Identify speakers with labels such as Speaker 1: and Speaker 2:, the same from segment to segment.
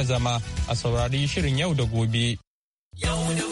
Speaker 1: zama a saurari shirin yau da gobe. Yau
Speaker 2: da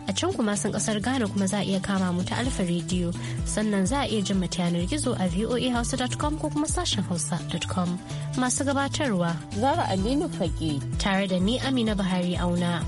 Speaker 3: a can kuma sun kasar Ghana kuma za a iya kama mu ta Alfa Radio sannan za a iya jin ta yanar gizo a voahausa.com ko kuma sashen hausa.com masu gabatarwa Zara Aminu Fage tare da ni Amina Buhari Auna.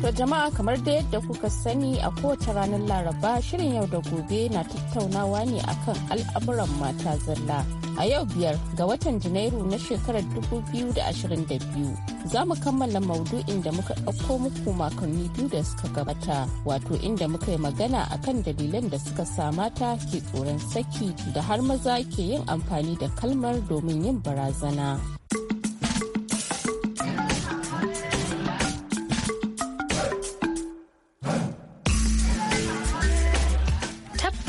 Speaker 4: To jama'a kamar da yadda kuka sani a kowace ranar Laraba shirin yau da gobe na tattaunawa ne akan al'amuran mata zalla. a yau biyar ga watan Janairu na shekarar 2022. Za mu kammala maudu'in da muka ɗauko muku makonni biyu da suka gabata, wato inda muka yi magana akan dalilan da suka sa mata ke tsoron saki da har maza ke yin amfani da kalmar domin yin barazana.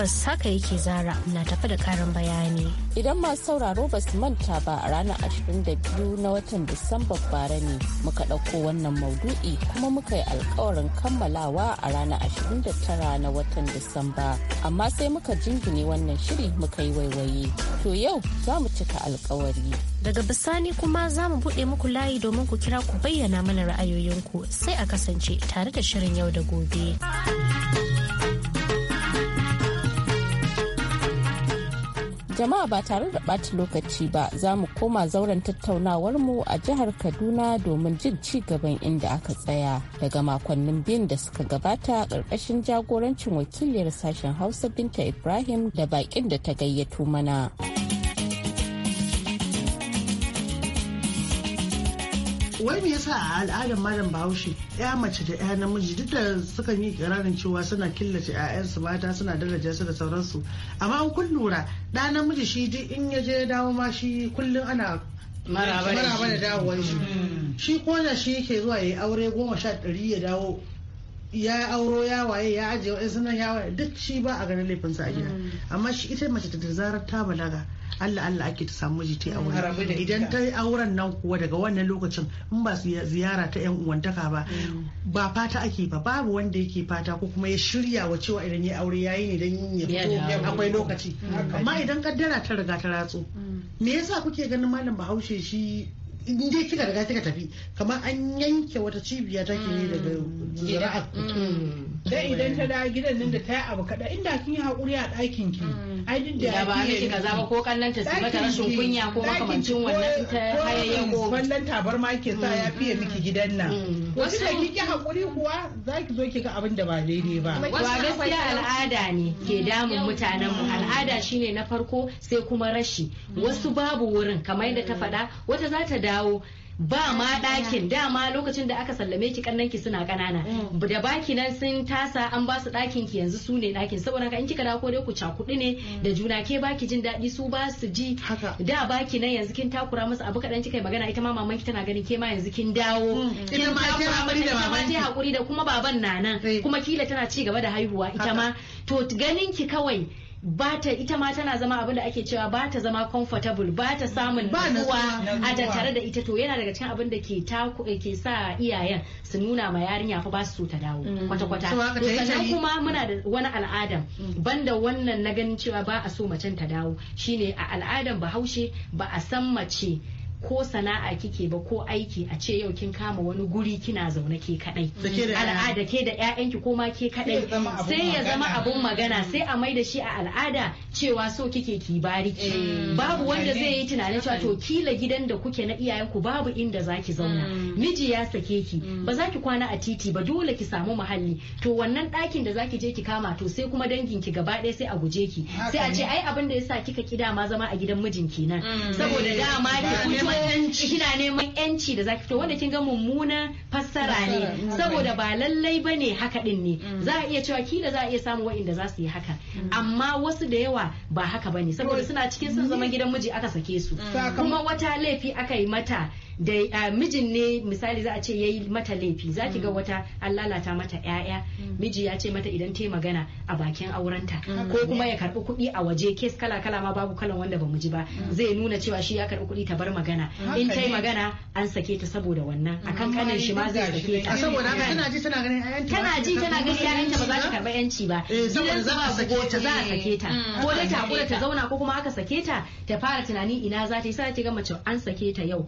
Speaker 4: tabbas haka yake zara na tafi da karin bayani. Idan masu sauraro ba su manta ba a ranar 22 na watan Disamba bara ne muka ɗauko wannan maudu'i kuma muka yi alkawarin kammalawa a ranar 29 na watan Disamba. Amma sai muka jingine wannan shiri muka yi waiwaye. To yau za mu cika alkawari. Daga bisani kuma za mu buɗe muku layi
Speaker 3: domin ku kira ku bayyana mana ra'ayoyinku sai a kasance tare da shirin yau da gobe.
Speaker 4: jama'a ba tare da ɓata lokaci ba za mu koma zauren tattaunawar mu a jihar kaduna domin jin ci gaban inda aka tsaya daga makonnin biyun da suka gabata ƙarƙashin jagorancin wakiliyar sashen hausa binta ibrahim da baƙin da ta gayyato mana.
Speaker 5: wai me yasa a al'adar malam bahaushe ya mace da ya namiji duk da sukan yi kirarin cewa suna killace 'ya'yansu mata suna daraja su da sauransu amma an kun lura da namiji shi duk in ya je dawo ma shi kullum ana maraba da dawo hmm. shi ko da shi yake zuwa ya yi aure goma sha ɗari ya dawo ya auro ya waye ya ajiye wa'in sunan ya waye duk shi ba a ganin laifinsa a gida mm. amma shi ita mace da zarar ta balaga Allah Allah ake ta samu miji ta mm, aure idan ta yi auren nan kuwa daga wannan lokacin in ba su ziyara ta yan uwantaka ba mm. ba fata ake ba babu wanda yake fata ko kuma ya shirya wa cewa idan ya aure yayi ne dan ya akwai lokaci amma idan kaddara ta riga ta ratso me yasa kuke ganin malam Bahaushe shi in dai kika riga kika tafi kamar an yanke wata cibiya take ne mm. daga jira'a dan mm. mm.
Speaker 6: idan ta dawo gidan nan da ta yi abu kaɗa inda kin yi haƙuri a ɗakin ki ai din da ya ba ne kika ba ko kallon ta su mata rashin kunya ko makamancin wannan ta hayayyan ko kallon tabar ma ke sa ya fiye miki gidan nan wasu da kike haƙuri kuwa za ki zo ki ga abin da ba daidai ba wa gaskiya al'ada ne ke damun mutanen mu al'ada
Speaker 7: shine na farko sai kuma rashi wasu babu wurin kamar yadda ta faɗa wata za ta dawo ba ma ɗakin dama lokacin da aka sallame ki kannan ki suna kanana mm. da baki nan sun tasa an ba su ɗakin ki yanzu su ne ɗakin saboda ka in kika dawo dai ku cakuɗi ne mm. da juna ke baki jin daɗi su ba su ji da baki nan yanzu kin takura musu abu kaɗan kika magana ita ma mamanki tana ganin ke ma yanzu kin dawo mm. kin takura hakuri da kuma baban na kuma kila tana ci gaba da haihuwa ita ma to ganin ki kawai ba ta ita ma tana zama abin da ake cewa ba ta zama comfortable ba ta samun nutsuwa a tattare da ita to yana daga cikin abin da ke eh, ke sa iyayen su nuna ma yarinya fa ba su so ta dawo mm. kwata kwata sannan kuma muna da wani al'ada mm. banda wannan na ganin cewa ba a so macen ta dawo shine a al'adan bahaushe ba a san mace ko sana'a kike ba ko aiki a ce yau kin kama wani guri kina zaune ke kadai al'ada ke da ƴaƴanki ko ma ke kadai sai ya zama abun magana sai a maida shi a al'ada cewa so kike ki bariki eh, babu wanda zai yi tunanin cewa to kila gidan da kuke na iyayenku babu inda zaki zauna mm. miji ya sake ki mm. ba za ki kwana a titi ba dole ki samu muhalli to wannan ɗakin da zaki je ki kama to sai kuma dangin ki gaba ɗaya sai a guje ki sai a ce ai abin da yasa kika ki dama zama a gidan mijin nan. Mm. saboda dama ki kina neman yanci da zaki fito wanda kin ga mummuna fassara ne saboda ba lallai bane haka din ne mm. za a iya cewa kila za a iya samun wa'inda za su yi haka mm. amma wasu da yawa ba haka bane saboda suna cikin sun zaman gidan miji aka sake su mm. kuma wata laifi aka yi mata da ah, mijin ne misali za a ce yayi mata laifi za ki ga mm. wata an lalata mata ƴaƴa mm. miji ya ce mata idan ta magana a bakin aurenta mm. ko kuma ya karbi kuɗi a waje kes kala kala ma babu kalan wanda ba ji ba zai nuna cewa shi ya karbi kuɗi ta bar magana in ta magana an sake ta saboda wannan akan kanin shi ma zai sake ta saboda tana ji tana
Speaker 5: ganin ƴaƴanta tana ji tana ganin ƴaƴanta ba za ta karba
Speaker 7: yanci ba eh, saboda za a sake ta za a sake ta ko dai ta ta zauna ko kuma aka sake ta ta fara tunani ina za ta yi sai ta ga mace an sake ta yau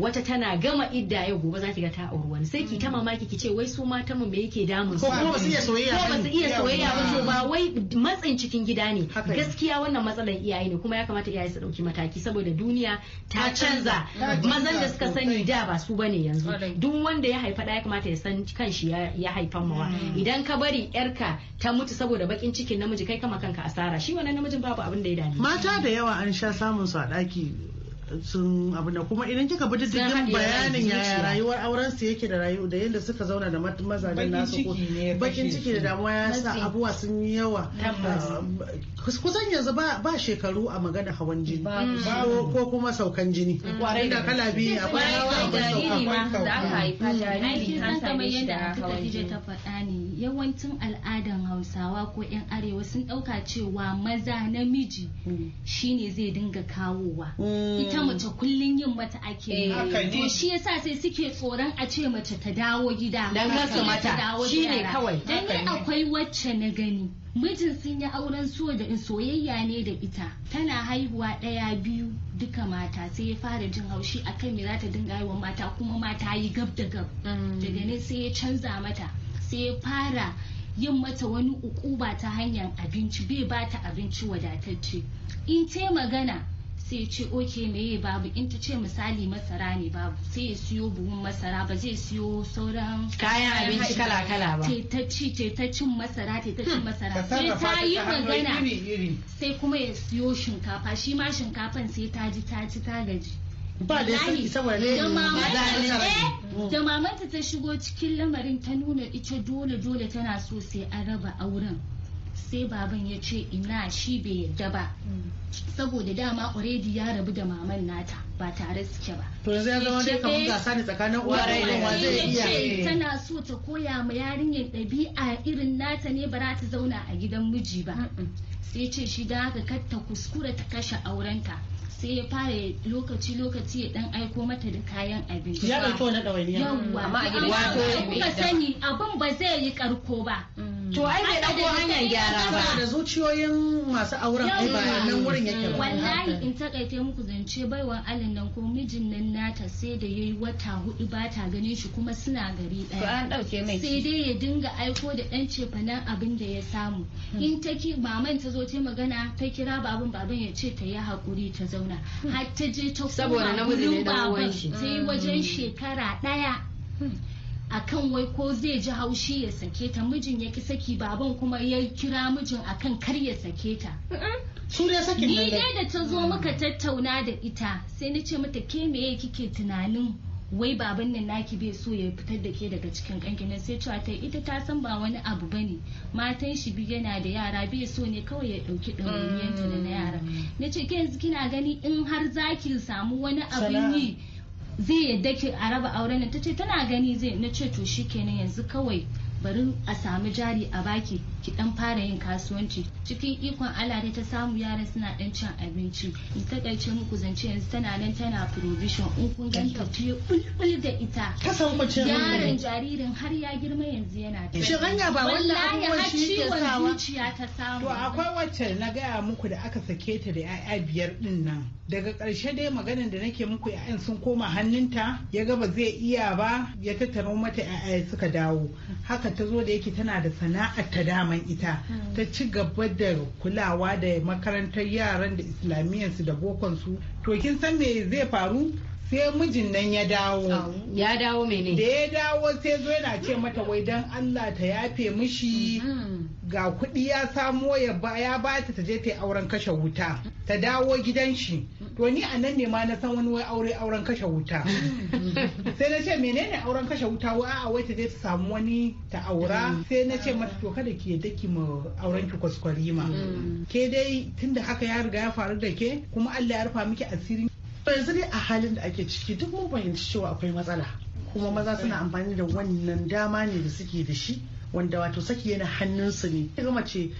Speaker 7: wata tana gama idda yau gobe za ki ga ta auri wani sai ki ta mamaki ki ce wai su mata mu me yake damun su ko ba su iya soyayya ko ba su iya soyayya ba ba wai matsin cikin gida ne gaskiya wannan matsalar iyaye ne kuma ya kamata iyaye su dauki mataki saboda duniya ta canza mazan da suka sani da ba su bane yanzu duk wanda ya haifa da ya kamata ya san kanshi ya haifan mawa mm. idan ka bari yarka ta mutu saboda bakin cikin namiji kai kama kanka asara shi wannan namijin babu abin da ya dame mata da
Speaker 5: yawa an sha samun su a daki sun abu na kuma idan kika bi diddigin bayanin yaya rayuwar auren su yake da rayu da yadda suka zauna da mazajen nasu ko bakin ciki da damuwa ya sa abuwa sun yi yawa ah, kusan yanzu ba shekaru a magana hawan jini mm. ko kuma saukan jini inda kala biyu akwai hawa akwai sauka da aka haifa jariri an shi da jini
Speaker 8: ta faɗa ne yawancin al'adan hausawa ko yan arewa sun ɗauka cewa maza namiji mm. shine zai dinga kawowa mm. ita mm. mace kullun yin mata ake eh, to shi yasa sai suke tsoron a ce mace ta dawo gida dan gasu mata shi ne kawai dan ne akwai wacce na gani mijin sun yi auren so da soyayya ne da ita tana haihuwa ɗaya biyu duka mata sai ya fara jin haushi akan me za ta dinga haihuwa mata kuma mata yi gab da gab mm. daga nan sai ya canza mata sai ya fara yin mata wani ukuba ta hanyar abinci bai ba ta abinci wadatacce in ce magana sai ce oke meye babu in ta ce misali masara ne babu sai ya siyo buhun masara ba zai siyo sauran kayan abinci kala kala ba ta ci ce ta cin masara ta ta cin masara sai ta yi magana sai kuma ya siyo shinkafa shi ma shinkafan sai ta ji ta ci ta gaji ba da sani saboda ne da mamanta ta shigo cikin lamarin ta nuna ita dole dole tana so sai an raba auren sai baban ya ce ina shi bai yadda ba mm. saboda dama already ya rabu da maman nata ba tare suke ba to yanzu ya zama dai kamar eh, gasa ne
Speaker 5: tsakanin uwa da wa zai iya tana
Speaker 8: so ta koya ma yarinyar ɗabi'a irin nata ne bara ta zauna a gidan miji ba sai ce shi da haka ta kuskura ta kashe aurenta sai ya fara lokaci lokaci ya dan aiko mata da kayan abinci ya dauki na dawainiya yawa amma a gidan wato kuka sani abin ba zai yi karko ba mm. to ai bai dauko hanyar gyara ba da
Speaker 5: zuciyoyin masu auren ai ba nan wurin yake ba wallahi in
Speaker 8: takaice muku zance baiwan alin nan ko mijin nan nata sai da yayi wata hudu ba ta ganin shi kuma suna gari daya to an dauke mai sai dai ya dinga aiko da dan cefanen abin da ya samu mm. in ta ki maman ta zo ta magana ta kira baban baban ya ce ta yi hakuri ta zauna zauna hmm. har ta je ta saboda ne ta hmm. wajen shekara daya hmm. akan wai ko zai ji haushi ya sake ta mijin ya ki saki baban kuma ya kira mijin akan kar ya sake ta ni dai da ta zo muka tattauna da ita sai ni ce mata ke me kike tunanin wai baban nan naki bai so ya fitar da ke daga cikin kankinan sai cewa ta ita ta san ba wani abu bane matan shi bi yana da yara bai so ne kawai ya dauki ɗawainiyanta da na yara mm. na ce yanzu kina gani in har zaki samu wani abin yi zai yadda ki a raba auren nan ta ce tana gani zai na ce to shikenan yanzu kawai bari a sami jari a baki ki dan fara yin kasuwanci cikin ikon Allah dai ta samu yaran suna dan cin abinci in takaice muku zance yanzu tana nan tana provision in kun ganta ce bulbul da ita yaran jaririn har ya girma yanzu yana ta shi hanya ba wallahi abubuwan shi ke sawa zuciya ta samu to akwai
Speaker 6: wacce na gaya muku da aka sake ta da 'ya'ya biyar din nan daga karshe dai maganin da nake muku 'ya'yan sun koma hannunta ya ga ba zai iya ba ya tattaro mata 'ya'ya suka dawo haka ta zo da yake tana da sana'ar ta daman ita hmm. ta ci gaba da kulawa da makarantar yaran da islamiyyar da bokon su to kin san me zai faru sai mijin nan ya dawo ya
Speaker 7: dawo mene
Speaker 6: da ya dawo sai zo yana ce mata wai dan Allah ta yafe mishi mhm. ga kuɗi ya samo ya ya bata ta je ta auren kashe wuta ta dawo gidan shi to ni a nan ne ma na san wani wai aure auren kashe wuta sai na ce menene auren kashe wuta wa A'a wai ta je ta samu wani ta aura mm. sai na ce mata to kada ki daki ki ma auren ki kwaskwari ma mm. ke dai tunda haka ya riga ya faru da ke
Speaker 5: kuma Allah ya rufa miki asiri to yanzu ne a halin da ake ciki duk mun fahimci cewa akwai matsala kuma maza suna amfani da wannan dama ne da suke da shi wanda wato saki yana hannunsu ne ta ce,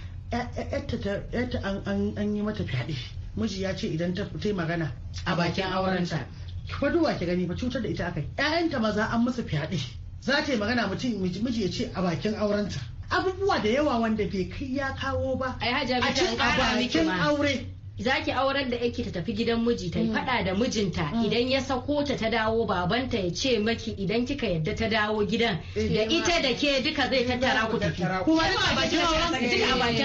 Speaker 5: yarta an yi mata fyaɗe miji ya ce idan ta fita magana a bakin aurenta ki faduwa ki gani ba cutar da ita akai ƴaƴanta maza an musu fyaɗe za ta yi magana mutum miji ya ce a bakin aurenta abubuwa da yawa wanda bai kai ya kawo ba a cikin bakin aure
Speaker 7: za ki aurar da yake ta tafi gidan miji ta mm. faɗa da mijinta mm. idan ya sako ta ta dawo babanta ya ce maki idan kika yadda ta dawo gidan eh. da ita da ke duka zai tattara ku tafi kuma duka ba ki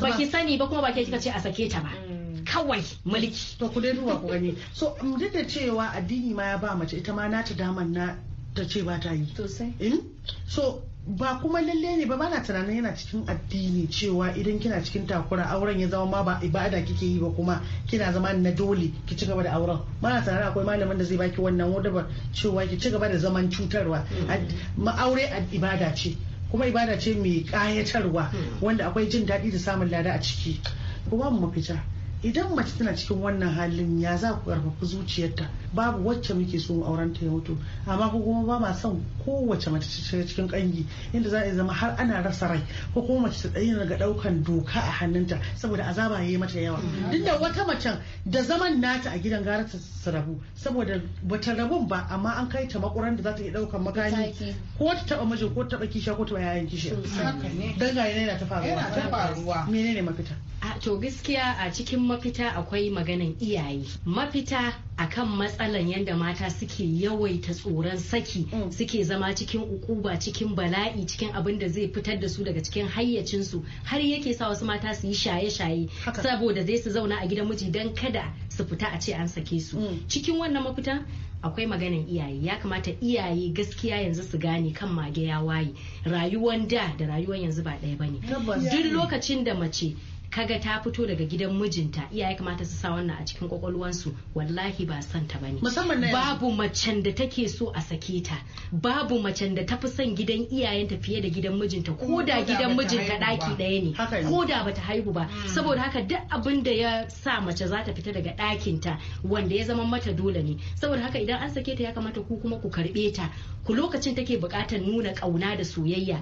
Speaker 7: ba ki sani ba kuma ba ke kika ce a sake ta ba mm. kawai
Speaker 5: mulki to ku dai duba ku gani so duk da cewa addini ma ya ba mace ita ma nata daman na ta ce ba ta yi eh? so ba kuma lalle ne ba bana tunanin yana cikin addini cewa idan kina cikin takura auren ya zama ma ba ibada kike yi ba kuma kina zama na dole ki ci gaba da auren bana tunanin akwai malamin da zai baki wannan wadabar cewa ki ci gaba da zaman cutarwa hmm. aure ibada ce kuma ibada ce mai kayatarwa hmm. wanda akwai jin daɗi da samun lada a ciki kuma mu fita. idan mace tana cikin wannan halin ya za ku karfafa zuciyarta babu wacce muke so mu auren ta ya mutu amma ko kuma ba ma son kowace mace ta cikin kangi inda za a zama har ana rasa rai ko kuma mace ta tsaye daga daukan doka a hannunta saboda azaba yayi mata yawa duk da wata mace da zaman nata a gidan gara ta rabu saboda bata rabun ba amma an kai ta makuran da za ta iya daukan makani ko ta taba mijin ko ta taba kisha ko ta yayan kisha dan ga yana ta faruwa
Speaker 7: menene mafita to gaskiya a cikin mafita akwai maganan iyaye mafita akan matsalan yadda mata suke yawaita tsoron saki mm. suke zama cikin ukuba cikin bala'i cikin abin da zai fitar da su daga cikin hayyacinsu har yake sa wasu mata su yi shaye-shaye saboda zai su zauna a gidan miji don kada su fita a ce an sake su mm. cikin wannan mafitan akwai maganan iyaye ya kamata iyaye gaskiya yanzu su gane kan mage ya waye rayuwan da da rayuwan yanzu ba ɗaya bane duk lokacin da mace kaga ta fito daga gidan mijinta iyaye kamata su sa wannan a cikin kwakwalwansu wallahi ba son ta bane babu macen da take so a sake ta babu macen da tafi son gidan iyayenta fiye da gidan mijinta ko da gidan mijinta daki daya ne ko da bata haihu ba hmm. saboda haka duk abin da ya sa mace za ta fita daga ɗakinta wanda ya zama mata dole ne saboda haka idan an sake ta ya kamata ku kuma ku karɓe ta ku lokacin take buƙatar nuna ƙauna da soyayya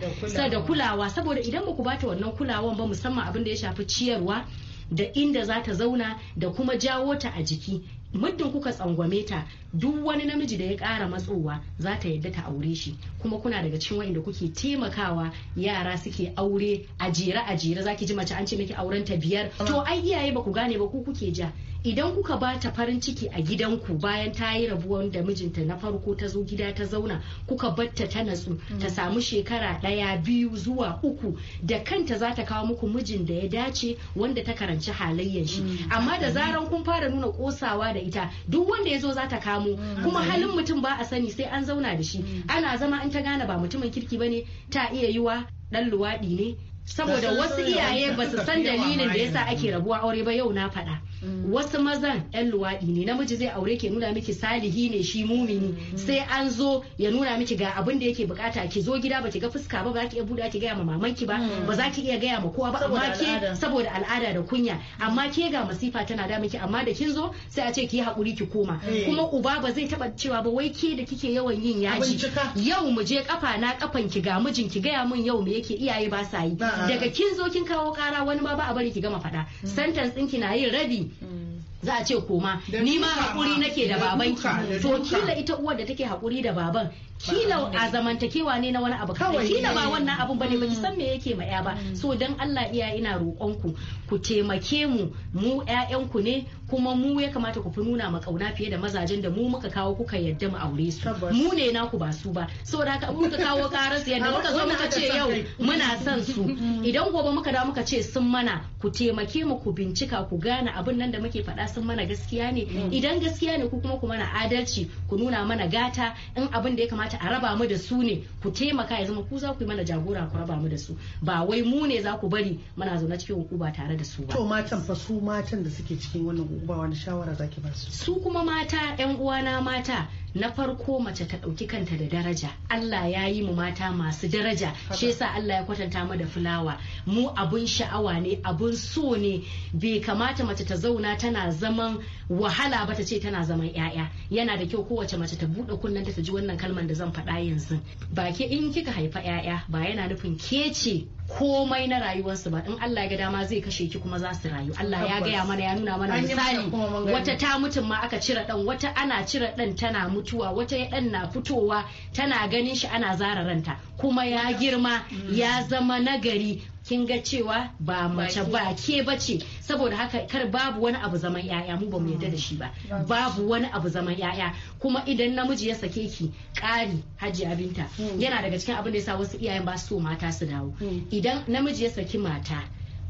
Speaker 7: da kulawa saboda idan ba ku bata wannan kulawan ba musamman abin da ya shafi ci. ciyarwa da inda za ta zauna da kuma jawo ta a jiki muddin kuka tsangwame ta duk wani namiji da ya ƙara matsowa za ta yadda ta aure shi kuma kuna daga cikin wanda kuke taimakawa yara suke aure a jere a jere ki ji mace an ce miki auren ta biyar to ai iyaye ba ku gane ba ku kuke ja idan kuka ba ta farin ciki a gidanku bayan ta yi rabuwan da mijinta na farko ta zo gida ta zauna kuka batta ta natsu ta mm. samu shekara daya biyu zuwa uku da kanta za ta kawo muku mijin da ya dace wanda ta karanci halayyar shi mm. amma da zaran kun fara nuna kosawa da ita duk wanda ya zo za ta kamo mm. kuma halin mutum ba a sani sai an zauna da shi ana zama in ta gane ba mutumin kirki bane ta iya yiwa dan luwaɗi ne saboda wasu iyaye ba su san dalilin da yasa ake rabuwa aure ba yau na faɗa Mm. wasu mazan yan luwaɗi ne namiji zai aure ke nuna miki salihi ne shi mumini mm. sai an zo ya nuna miki ga abin da yake bukata ki zo gida ki ga fuska ba ba ki iya buɗa ki gaya ma mamanki ba mm. ba za ki iya gaya ma kowa ba amma ke saboda al'ada da kunya amma ke ga masifa tana da miki amma da kin zo sai a ce ki yi hakuri ki koma eh. kuma uba ba zai taba cewa ba wai ke da kike yawan yin yaji yau mu je kafa na kafan ki ga mijin ki gaya min yau me yake iyaye ba sa yi daga kin zo kin kawo kara wani ma ba a bari ki gama faɗa sentence ɗinki na yin rabi za a ce koma ni ma haƙuri nake da baban ki to kila ita uwar da take hakuri da baban kila a zamantakewa ne na wani abu kawai kila ba eh. wannan abun bane baki mm. san me yake ma ya ba so dan Allah iya ina roƙon ku ku taimake mu mu ƴaƴan ku ne kuma mu ya kamata ku fi nuna ma kauna fiye da mazajen da mu muka kawo kuka yadda mu aure su mu ne naku ba su ba saboda haka muka kawo karas yadda muka zo muka ce yau muna san su mm. idan gobe muka da muka ce sun mana ku taimake mu ku bincika ku gane abin nan da muke faɗa sun mana gaskiya ne mm. idan gaskiya ne ku kuma ku mana adalci ku nuna mana gata in abin da ya kamata a raba mu da su ne ku taimaka ya zama ku za ku yi mana jagora ku raba mu da su ba wai mu ne za ku bari muna zaune cikin hukuma tare da su ba to matan fa su matan da suke cikin wannan ba wani shawara zaki ba su su kuma mata yan uwana mata na farko mace ta ɗauki kanta da daraja Allah ya yi mu mata masu daraja shi yasa Allah ya kwatanta mu da fulawa mu abun sha'awa ne abun so ne bai kamata mace ta zauna tana zaman wahala ba ta ce tana zaman ƴaƴa yana da kyau kowace mace ta buɗe kunnen ta ji wannan kalman da zan faɗa yanzu ba ke in kika haifa ƴaƴa ba yana nufin ke ce komai na rayuwarsu ba in Allah ya ga dama zai kashe ki kuma za su rayu Allah ya gaya mana ya nuna mana misali wata ta mutum ma aka cire ɗan. wata ana cire ɗan tana mutu mutuwa wata ya ɗan na fitowa tana ganin shi ana zara ranta kuma ya girma ya zama nagari kin ga cewa ba mace ba ke bace saboda haka kar babu wani abu zaman yaya mu bamu yarda da shi ba babu wani abu zaman yaya kuma idan namiji ya sake ki kari haji abinta yana daga cikin abin da yasa wasu iyayen ba su so mata su dawo hmm. idan namiji ya saki mata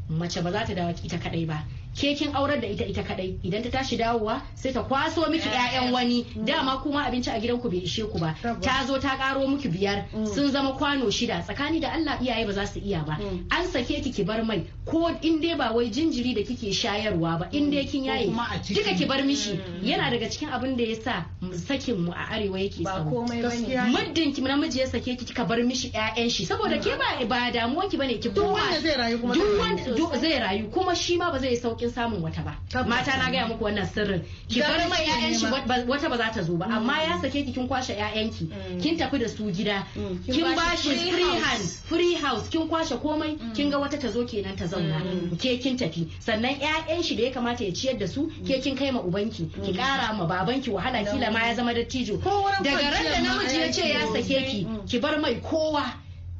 Speaker 7: mace ba za ta dawo ita kadai ba ke kin aurar da ita ita kadai idan ta tashi dawowa sai ta kwaso miki ƴaƴan wani mm. dama kuma abinci a gidan ku bai ishe ku ba ta zo ta karo miki biyar mm. sun zama kwano shida tsakani da Allah iyaye ba za su iya ba mm. an sake ki ki bar mai ko in dai ba wai jinjiri da kike shayarwa ba in dai kin yaye duka ki bar mishi yana daga cikin abin da yasa sakin mu a arewa yake ba komai bane muddin ki namiji ya sake ki kika bar mishi ƴaƴan shi saboda ke ba ba bane ki duk wanda zai rayu kuma duk wanda zai rayu kuma shi ma ba zai sauki sauƙin samun wata ba mata na gaya muku wannan sirrin ki bar mai ƴaƴan shi wata ba za ta zo ba mm. amma ya sake ki kin kwashe ki. Mm. kin tafi da su gida mm. kin ba shi free hand free house kin kwashe komai kin ga wata ta zo kenan ta zauna ke kin tafi sannan ƴaƴan shi da ya kamata ya ciyar da su ke kin kai ma ubanki ki kara ma babanki wahala kila ma ya zama dattijo daga ran da namiji ya ce ya sake ki ki bar mai kowa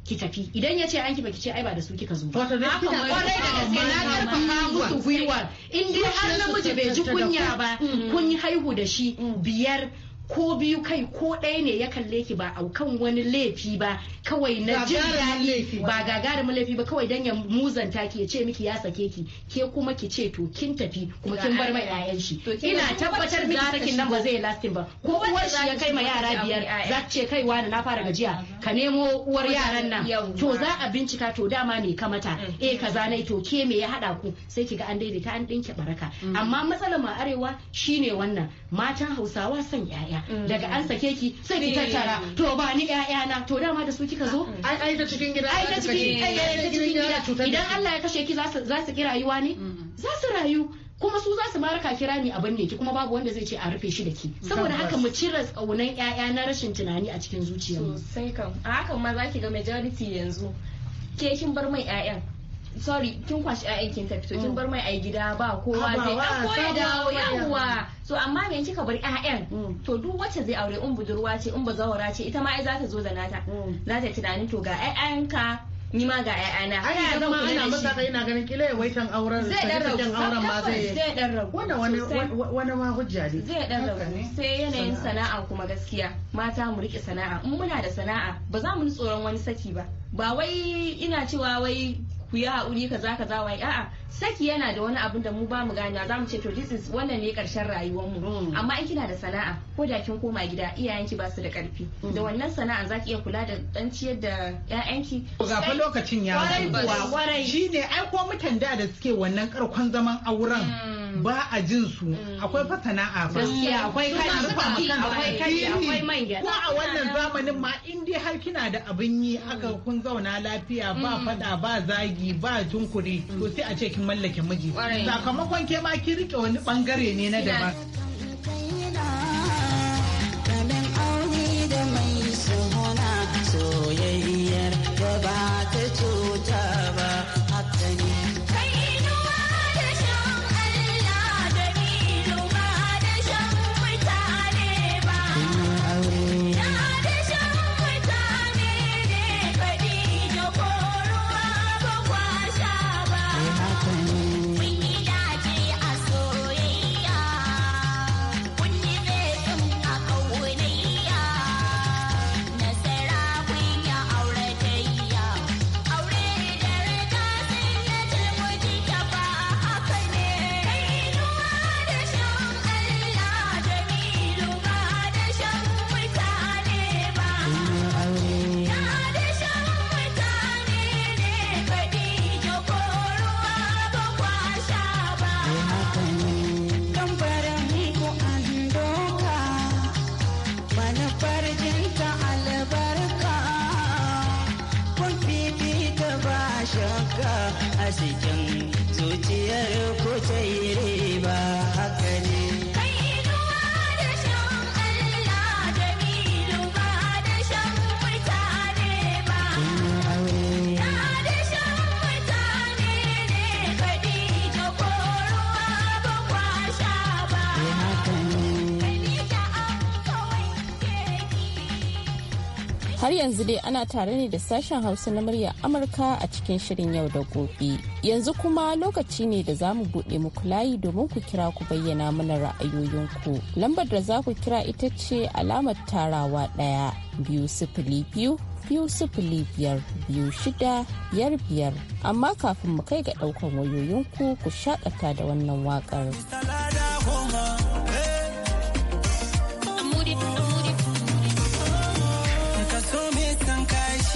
Speaker 7: ki tafi idan ya ce an ki baki ce ai ba da su kika zo ba na kwarai da gaske na karfafa musu gwiwar in dai har namiji bai ji kunya ba mm-hmm. kun haihu da shi mm-hmm. biyar ko biyu kai ko ɗaya ne ya kalle ki ba a kan wani laifi ba kawai na jin daɗi ba gagarin laifi ba kawai dan ya muzanta ki ya ce miki ya sake ki ke kuma ki ce to kin tafi kuma kin bar mai yayan shi ina tabbatar miki sakin nan ba zai lastin ba ko uwar shi ya kai ma yara biyar za ce kai wani na fara gajiya ka nemo uwar yaran nan to za a bincika to dama me kamata mm. eh kaza nai to ke me ya haɗa ku sai ki ga an daidaita an ɗinke baraka mm. amma matsalar ma arewa shine wannan matan Hausawa son yaya ya mm. daga an sake ki sai ki tattara to ba ni 'ya'yana to dama da su kika zo ai ta cikin gida ai ta cikin gida idan Allah ya kashe ki za su ki rayuwa ne mm. za su rayu kuma su za su maraka kira ni abin ne ki kuma babu wanda zai ce a rufe shi da ki saboda haka mu cire tsaunan ƴaƴa na rashin tunani a cikin
Speaker 4: zuciyarmu sosai kan a hakan ma zaki ga majority yanzu ke kin bar mai ƴaƴan. sorry kin kwashi ƴaƴan kin ta fito kin mm. bar mai a gida ba kowa zai an koya dawo yawa so amma me kika bar ƴaƴan mm. to duk wacce zai aure in budurwa ce in bazawara ce ita ma ai za ta zo da nata mm. za ta tunani to ga ka ni ma ga ai ana zama ana masa kai ina
Speaker 5: ganin kila ya waitan auren zai dan ragu auren ma zai zai dan ragu wanda wani wani ma hujja ne
Speaker 4: zai dan ragu sai yanayin sana'a kuma gaskiya mata mu rike sana'a in muna da sana'a ba za mu ni tsoron wani saki ba ba wai ina cewa wai ku yi haƙuri kaza kaza wai a'a saki yana da wani abin da mu ba mu gane za mu ce to this is wannan ne karshen rayuwar mu hmm. amma in kina da sana'a ko da kin koma gida iyayenki ba su da karfi hmm. da wannan sana'a zaki iya kula da dan ciyar da ƴaƴanki ga fa
Speaker 6: lokacin ya zuwa shine ai ko mutan da da suke wannan karkon zaman auren hmm. ba a jin su akwai fa sana'a fa akwai kaji akwai kaji akwai ko a wannan zamanin ma in dai har kina da abin yi aka kun zauna lafiya ba fada ba zagi ba tunkuri to sai a ce kin mallake miji sakamakon ke ma kin rike wani bangare ne na daban
Speaker 4: yanzu dai ana tare ne da sashen Hausa na murya Amurka a cikin shirin yau da gobe. Yanzu kuma lokaci ne da za mu buɗe muku layi domin ku kira ku bayyana mana ra'ayoyinku. Lambar da za ku kira ita ce alamar tarawa ɗaya biyu sifili biyu biyu sifili biyar biyu shida biyar biyar amma kafin mu kai ga ɗaukar wayoyinku ku shaƙata da wannan waƙar.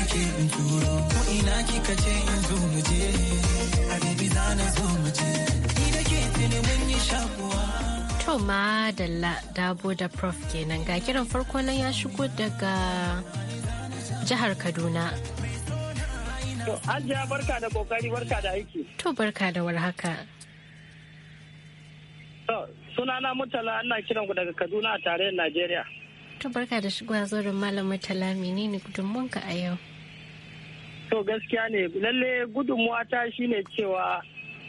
Speaker 2: nake in turo ko ina kika ce in zo mu je a bibi zo mu je
Speaker 3: ni da ke tuni mun yi shakuwa to ma dabo da prof kenan ga kiran farko nan ya shigo daga jihar kaduna
Speaker 9: to jiya barka da kokari barka da aiki
Speaker 3: to barka da warhaka
Speaker 9: sunana mutala ana kiran ku daga kaduna a tarayyar najeriya
Speaker 3: to barka da shigowa zuwa malam mutala menene gudunmanka a yau
Speaker 9: To gaskiya ne lalle gudunmuwa ta shine cewa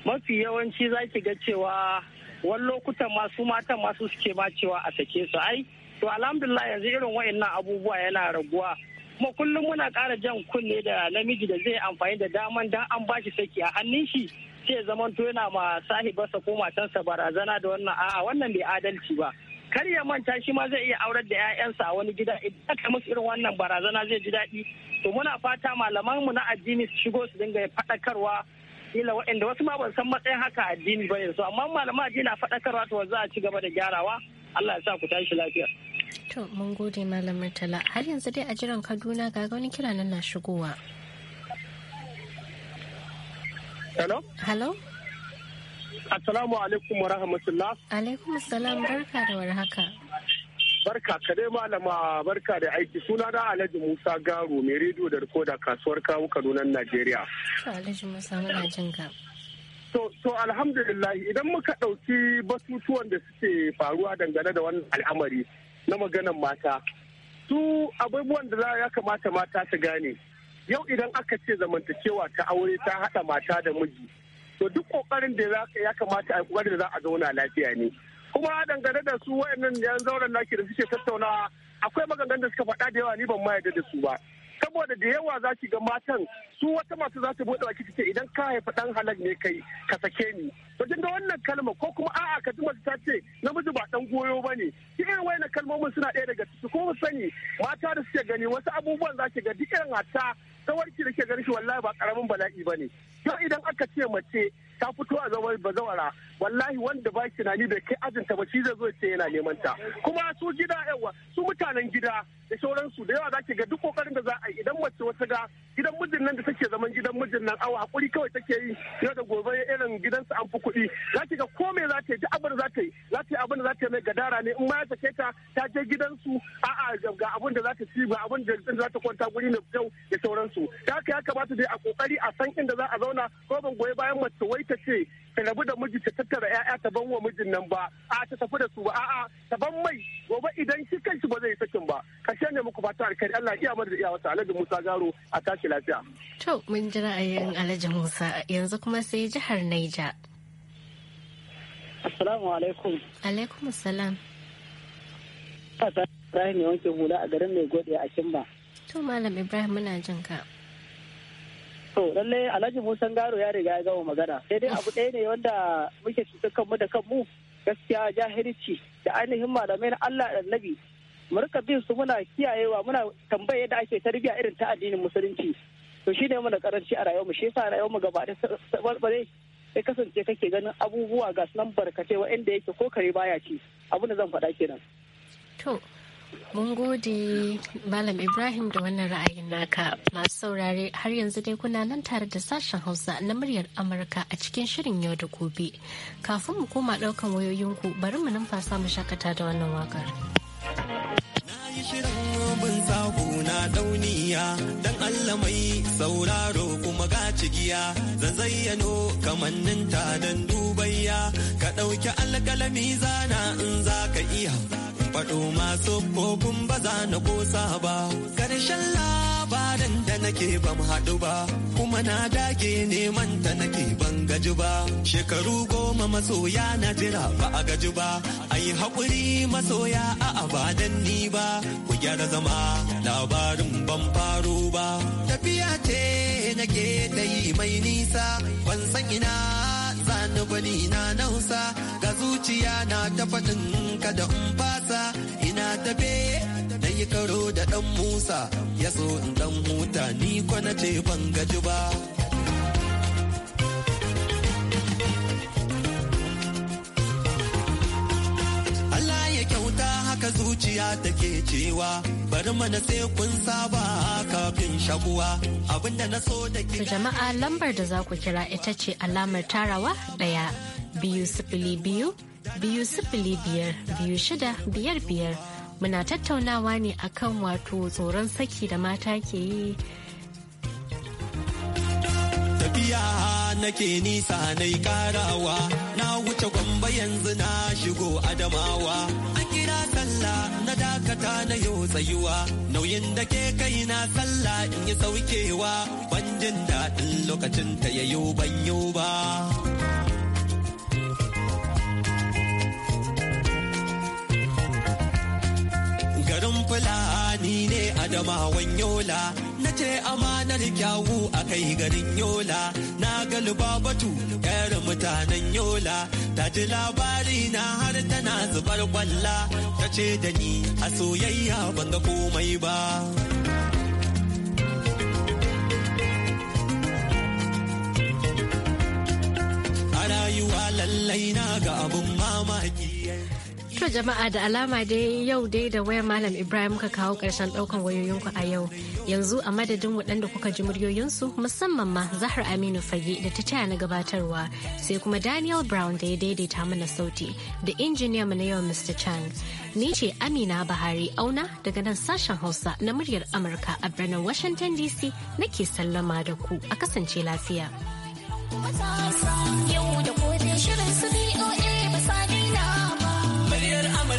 Speaker 9: mafi yawanci za ki ga cewa wani lokutan masu matan masu suke ma cewa a sake su ai to alhamdulillah yanzu irin wa'annan abubuwa yana raguwa kuma kullum muna kara jan kunne da namiji da zai amfani da daman dan an bashi saki a hannun shi sai zaman to yana ma sahibarsa ko matansa barazana da wannan a'a wannan bai adalci ba kar ya manta shi ma zai iya aurar da 'ya'yansa a wani gida idan aka musu irin wannan barazana zai ji daɗi to muna fata malaman mu na addini su shigo su dinga faɗakarwa kila waɗanda wasu ma ban san matsayin haka addini ba yanzu amma malaman addini na faɗakarwa to za a ci gaba da gyarawa Allah ya sa ku tashi lafiya.
Speaker 3: To mun gode malamar tala har yanzu dai a jiran Kaduna ga wani kira nan na shigowa.
Speaker 10: Hello? Hello? Assalamu alaikum wa rahmatullah.
Speaker 3: Alaikum salam barka da warhaka.
Speaker 10: Barka ka dai malama barka da aiki suna na Alhaji Musa garo mai rediyo da rikoda kasuwar kawo Kaduna Najeriya. Alhaji Musa muna jin ka. To so, alhamdulillah idan muka ɗauki batutuwan da suke faruwa dangane da wannan al'amari na maganan mata. Su abubuwan da za ya kamata mata su gane. Yau idan aka ce zamantakewa ta aure ta haɗa mata da miji. to duk kokarin da ya kamata a kokarin da za a zauna lafiya ne kuma dangane da su wayannan yan zauren naki da suke tattaunawa akwai maganganun da suka faɗa da yawa ni ban ma yarda da su ba saboda da yawa za ki ga matan su wata masu za ta bude baki ce idan ka haifa ɗan halar ne kai ka sake ni to kin wannan kalma ko kuma a'a ka ji mace ta ce namiji ba dan goyo bane ki irin wayannan kalmomin suna ɗaya daga ciki ko mu sani mata da suke gani wasu abubuwan za ki ga duk irin hatta Kawarci da ke gani shi wallahi ba karamin bala'i ba ne. Yau idan aka ce mace ta fito a zaman bazawara wallahi wanda ba shi tunani bai kai ajinta ba shi zai zo ce yana neman ta kuma su gida yawa su mutanen gida da sauransu da yawa za ki ga duk kokarin da za a yi idan mace wata ga gidan mijin nan da take zaman gidan mijin nan awa hakuri kawai take yi yau da gobe irin gidansa an fi kuɗi za ki ga ko me za ta yi duk abin za ta yi za ta yi abin da za ta yi mai gadara ne in ma ya sake ta ta je gidansu a'a ga abin da za ta ci ba abin da za ta kwanta guri mai kyau da sauransu da haka ya kamata dai a kokari a san inda za a zauna ko ban goyi bayan mace wai ta ce ta rabu da miji ta tattara 'ya'ya ta ban wa mijin nan ba a ta tafi da su ba a'a ta ban mai gobe idan shi kanshi ba zai sakin ba kashe ne muku fata alkhairi Allah iya mar da iya wasa Alhaji Musa Garo a tashi lafiya
Speaker 3: to mun ji ra'ayin Alhaji Musa yanzu kuma sai jihar Niger
Speaker 7: Assalamu alaikum
Speaker 9: alaikum assalam Ibrahim ya wanke hula a garin mai gode a Kimba
Speaker 3: to malam Ibrahim muna jin ka
Speaker 9: To lalle Alhaji Musa Garo ya riga ya gama magana. Sai dai abu ɗaya ne wanda muke cutar kanmu da kanmu gaskiya jahilci da ainihin malamai na Allah da Annabi. Mu rika bin su muna kiyayewa muna tambaye yadda ake tarbiyya irin ta addinin musulunci. To shine mu karanci a mu shi yasa mu gaba da sabarbare sai kasance kake ganin abubuwa ga sunan barkatai wa'anda yake ko kare baya ci. Abu da zan faɗa kenan.
Speaker 3: To Mun gode Malam Ibrahim da wannan ra'ayin naka masu saurare har yanzu dai kuna nan tare da sashen Hausa na muryar Amurka a cikin shirin yau da gobe. Kafin mu koma ɗaukan wayoyinku bari mu numfasa mu shakata da wannan wakar.
Speaker 1: Na yi shirin bin sako na dauniya dan Allah mai sauraro kuma ga cigiya zan zayyano kamannin ta dan dubayya ka ɗauki alƙalami zana in za ka iya. faɗo masu kokun ba za na kosa ba Karshen labarin da nake ban haɗu ba kuma na dage neman ta nake ban gaji ba shekaru goma masoya na jira ba a gaji ba ayi haƙuri masoya a abadan ni ba ku gyara zama labarin ban faro ba tafiya ce nake ta yi mai nisa ban san ina sani bani na nausa ga zuciya na ta faɗin kada in fasa ina tafe na yi karo da ɗan musa ya so in ɗan huta ni kwanace ban gaji ba. haka zuciya take cewa bari mana sai kun saba kafin shakuwa abinda na so da ki jama'a
Speaker 3: lambar da za ku kira ita ce alamar tarawa daya biyu sifili biyu biyu sifili biyar biyu shida biyar biyar muna tattaunawa ne akan wato tsoron saki da mata ke yi
Speaker 1: tafiya nake nisa na karawa na wuce gwamba yanzu na shigo adamawa an kira sallah na dakata na yau tsayuwa nauyin da ke kai na sallah in yi saukewa ban jin daɗin lokacin ta yayo ban yau ba garin fulani ne adamawan yola ce amanar kyawu a kai garin yola na ga lubabatu yar mutanen yola ta ji labari na har tana zubar kwalla ta ce da ni a soyayya ban ga komai ba rayuwa lallai na ga abun mamaki
Speaker 3: To jama'a da alama dai yau dai da wayar Malam Ibrahim muka kawo ƙarshen wayoyin ku a yau. Yanzu a madadin waɗanda kuka ji muryoyinsu musamman ma Zahra Aminu Fage da ta taya na gabatarwa sai kuma Daniel Brown da ya daidaita mana sauti da injiniya mu na yau Mr. Chang. Ni ce Amina Bahari Auna daga nan sashen Hausa na muryar Amurka a birnin Washington DC nake sallama da ku a kasance lafiya.
Speaker 2: yau da shirin su ba sa